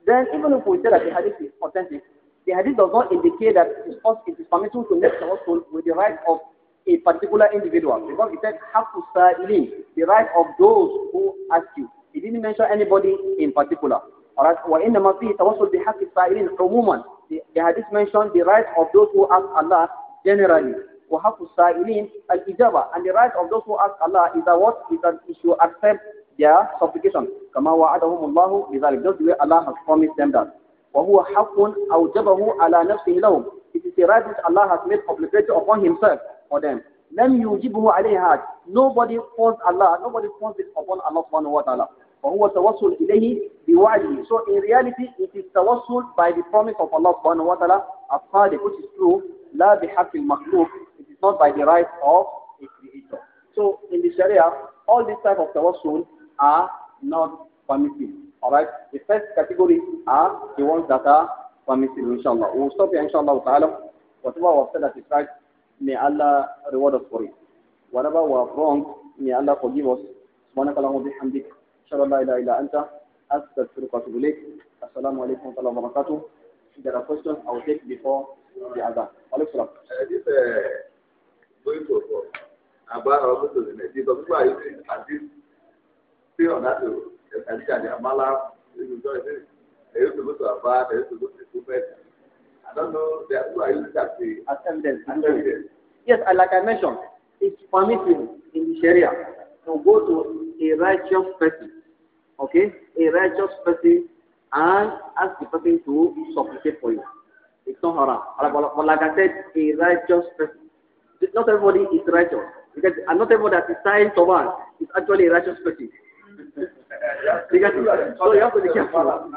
[SPEAKER 1] then even if we say that the hadith is authentic the hadith does not indicate that it is, is permitted to make tawassul with the right of a particular individual because it said حق السائلين the right of those who ask you it didn't mention anybody in particular alright وإنما فيه توصل بحق السائلين عموما the, the hadith mentioned the right of those who ask Allah generally وحق السائلين الإجابة and the right of those who ask Allah is that what is that you accept their supplication. كما وعدهم الله بذلك. Just the way Allah has promised them that. وهو حق أوجبه على نفسه لهم. It is a right which Allah has made obligatory upon himself for them. لم يجبه عليها. Nobody forced Allah, nobody forced it upon Allah subhanahu wa ta'ala. وهو توسل إليه بوعده. So in reality, it is tawassul by the promise of Allah subhanahu wa ta'ala الصادق, which is true, لا بحق المخلوق. It is not by the right of a creator. So in the Sharia, all this type of tawassul are not permitted. Alright? The first category are the ones that are permissible, inshallah. We'll stop here, inshallah ta'ala. Whatever was said that is right, may Allah reward us for it. Whatever we've wrong, may Allah forgive us. سبحانك اللهم وبحمدك أشهد أن لا إله إلا أنت أستغفرك وأتوب إليك السلام عليكم الله وبركاته There are questions I will take before the other. Alaikum salam. for uh, uh, uh, about still on that road. The Khadija, the Amala, they used to go to Abad, they used to go to the Prophet. I don't know, they are, who are Yes, like I mentioned, it's permitted in the Sharia to go to a righteous person, okay, a righteous person, and ask the person to supplicate for you. It's not haram. But, like I said, a righteous person. Not everybody is righteous. Because not everybody that is signed to one is actually a righteous person. so you have to be careful.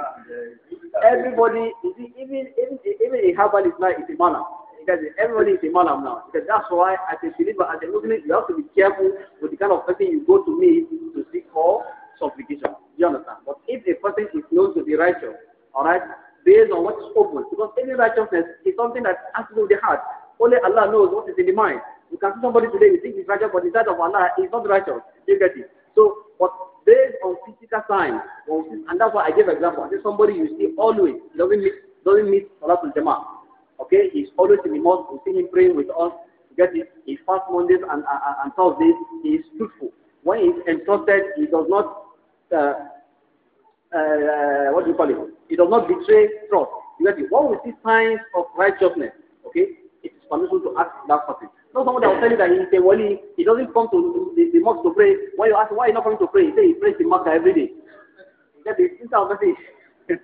[SPEAKER 1] Everybody, even even even a herbalist now is a malam. Because everybody is a malam now. Because that's why, as a believer, as a Muslim, you have to be careful with the kind of person you go to meet to seek for supplication. You understand? But if a person is known to be righteous, all right, based on what is open, because any righteousness is something that has to do with the heart. Only Allah knows what is in the mind. You can see somebody today, you think he's righteous, but inside of Allah, he's not righteous. You get it? So, but based on physical signs, and that's why I gave example. I somebody you see always doesn't miss doesn't Salatul Jama'ah. Okay, he's always in the mosque. We see him praying with us. get it. He fast Mondays and uh, and Thursdays. He is truthful. When he's entrusted, he does not. Uh, uh, what do you call it? He does not betray trust. You get it? When we see signs of righteousness, okay, it is permissible to ask that person. No someone that will tell you that he say a wali, he doesn't come to the, the mosque to pray. Why you ask why are you not coming to pray? He say he prays in mosque every day. That is, this of message. this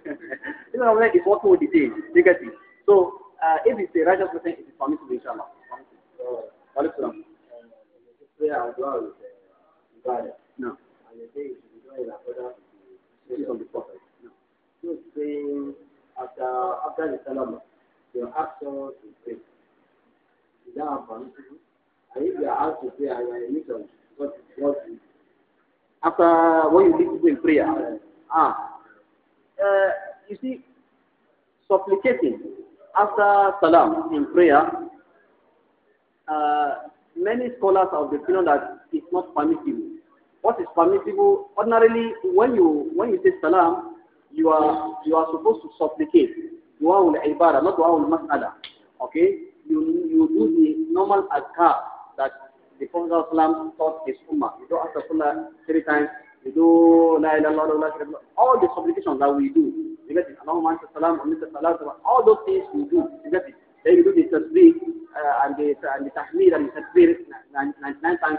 [SPEAKER 1] of message it's what with the day. You get it? So, uh, if it's a righteous person, it is permissible, inshallah. Permissible. Oh, no. So, saying after, after the salam, your actions to pray. without amfani you are asked to pray you in after when you do in prayer ah uh, you see supplicating after salam in prayer uh, many scholars of the opinion that it's not permissible what is permissible ordinarily when you when you say salam you are you are supposed to supplicate You are ul ibara, not dua ul mas'ala okay you, you do the normal adhkar that the Prophet taught his ummah. You do after Salah three times, you do La ilaha illallah, all the supplications that we do. You get it? Allahumma anta salam, amita salatu, all those things we do. You get it? Then you do the tasbih uh, and the, and the tahmid and the takbir 99 times.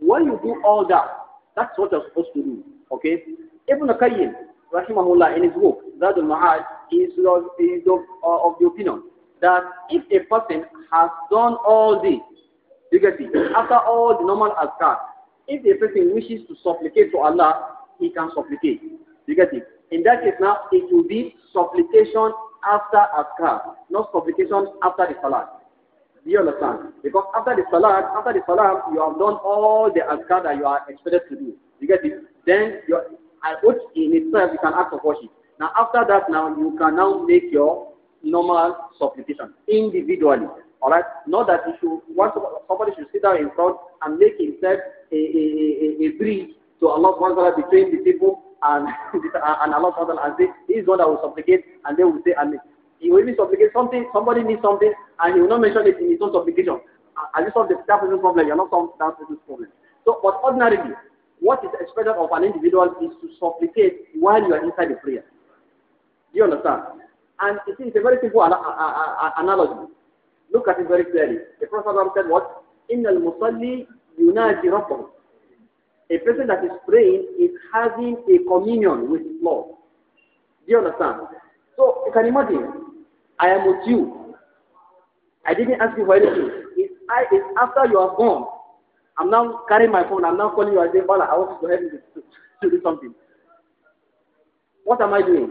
[SPEAKER 1] When you do all that, that's what you're supposed to do. Okay? Ibn Qayyim, rahimahullah, in his book, Zadul Ma'ad, he is of, he of, uh, of the opinion that if a person has done all this, you get it, after all the normal askar, if a person wishes to supplicate to Allah, he can supplicate. You get it? In that case now, it will be supplication after askar, not supplication after the salah. Do you understand? Because after the salah, after the salah, you have done all the askar that you are expected to do. You get it? Then your oath in itself, you can ask for worship. Now after that, now you can now make your normal supplication individually. All right, not that you should once somebody should sit down in front and make himself a a, a, a bridge to Allah subhanahu between the people and and Allah subhanahu and say he's is what will supplicate and they will say and he will even supplicate something somebody needs something and he will not mention it in his own supplication. Are you solved the staff person's problem? You're not solved that person's problem. So, but ordinarily, what is expected of an individual is to supplicate while you are inside the prayer. Do you understand? And it is a very simple analogy. Look at it very clearly. The Prophet said what? Innal musalli yunaji rabbahu. A person that is praying is having a communion with his Lord. Do you understand? So you can imagine, I am with you. I didn't ask you for anything. It's, I, after you are gone. I'm now carrying my phone. I'm now calling you and saying, Bala, I want you to help me to, to do something. What am I doing?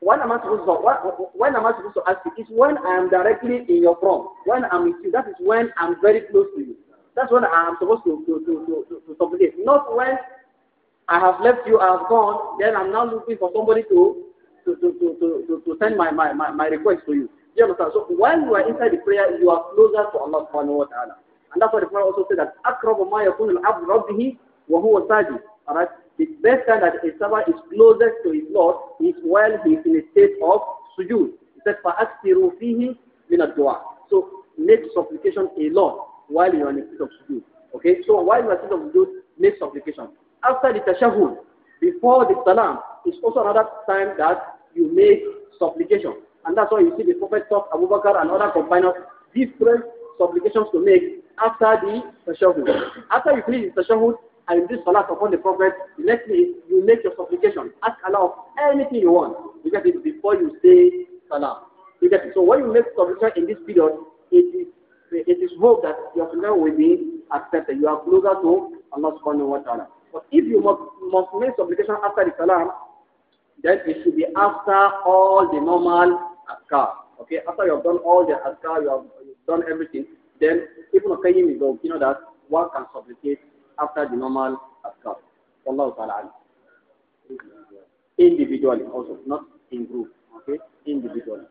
[SPEAKER 1] When am I supposed to when, when am I supposed to ask you? It's when I am directly in your front. When I'm with you, that is when I'm very close to you. That's when I am supposed to to, to, to, to supplicate. Not when I have left you, I have gone, then I'm now looking for somebody to to, to, to, to, to send my, my, my, my request to you. you understand? So when you are inside the prayer, you are closer to Allah subhanahu wa ta'ala. And that's why the prayer also says that أَقْرَبُ مَا يَكُونُ الْعَبْدُ رَبِّهِ وَهُوَ سَاجِدٌ Alright? The best time that a servant is closest to his Lord is while he is in a state of sujood. He see him in a الدُّعَى So make supplication a lot while you are in a state of sujood. Okay, so while you are in a state of sujood, make supplication. After the tashahud, before the salam, is also another time that you make supplication. And that's why you see the Prophet talk, Abu Bakr and other companions, different supplications to make after the tashahud. After you finish the tashahud, and you do salat upon the Prophet, the me, you make your supplication. Ask Allah of anything you want. You get it before you say salah. You get it. So when you make supplication in this period, it is it is hoped that your prayer will be accepted. You are closer to Allah subhanahu wa ta'ala. But if you must, must make supplication after the salam, then it should be after all the normal askar. Okay, after you have done all the askar, you have done everything, then Ibn Qayyim is you know that one can supplicate after the normal askar. Wallahu ta'ala Individually also, not in group. Okay? Individually.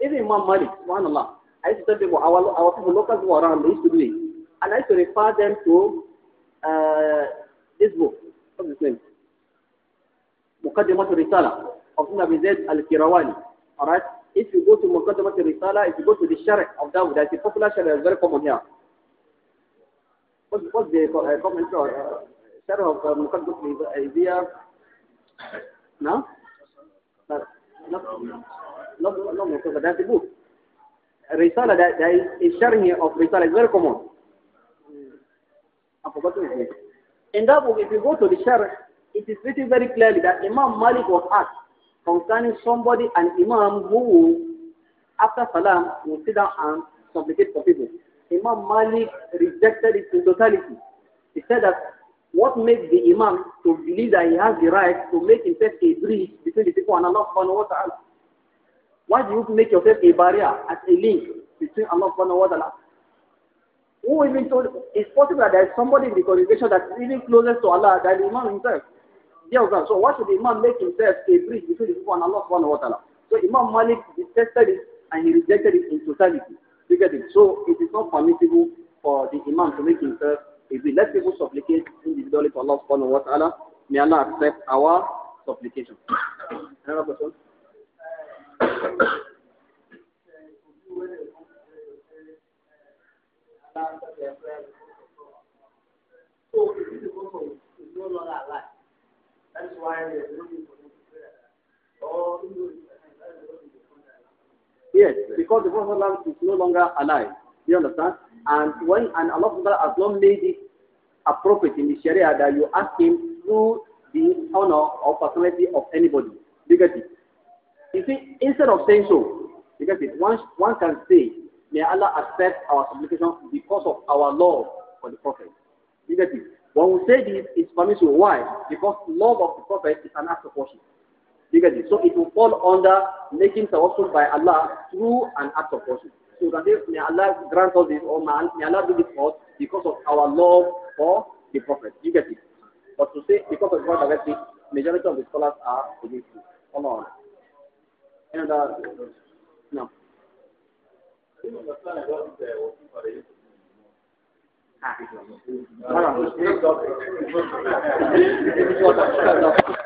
[SPEAKER 1] Even Imam Malik, subhanAllah, I used to tell people, our, our people, locals who around, they used to do it. And I used to refer them to uh, this book. What's his name? مقدمة Risala of Ibn Abi al-Kirawani. Alright? If you go to مقدمة Risala, if you go to the Sharia of that, that is a popular Sharia, is very common here. What what the uh, comment or uh, share of uh, Muqaddis idea? No? But not, not, not Muqaddis, that's a book. Risala, that, that is, is sharing of Risala is very common. I forgot his name. In that book, if you go to the Sharh, it is written very clearly that Imam Malik was asked concerning somebody, an Imam who, after Salam, will sit down and supplicate for people. Imam Malik rejected it in totality. He said that what makes the Imam to believe that he has the right to make himself a bridge between the people and Allah subhanahu wa ta'ala? Why do you make yourself a barrier as a link between Allah subhanahu wa ta'ala? Who even told it's possible that there is somebody in the congregation that's even closest to Allah than the Imam himself. So why should the Imam make himself a bridge between the people and Allah subhanahu wa ta'ala? So Imam Malik detested it and he rejected it in totality. You get it? So it is not permissible for the Imam to make himself if we let people supplicate individually to Allah subhanahu wa ta'ala, may Allah accept our supplication. Another question? So, if the person is no longer alive, that's why for Or, Yes, because the Prophet is no longer alive. You understand? And when and Allah has not made it appropriate in the Sharia that you ask him through the honor or personality of anybody. You You see, instead of saying so, you it? One, one can say, May Allah accept our supplication because of our love for the Prophet. When we say this, it's permissible. Why? Because love of the Prophet is an act of worship. You get it? So it will fall under making tawassul by Allah through an act of worship. So that if may Allah grant us this, or may Allah do this for us because of our love for the Prophet. You get it? But to say because of God directly, majority of the scholars are against it. Come on. And uh, no. Ah.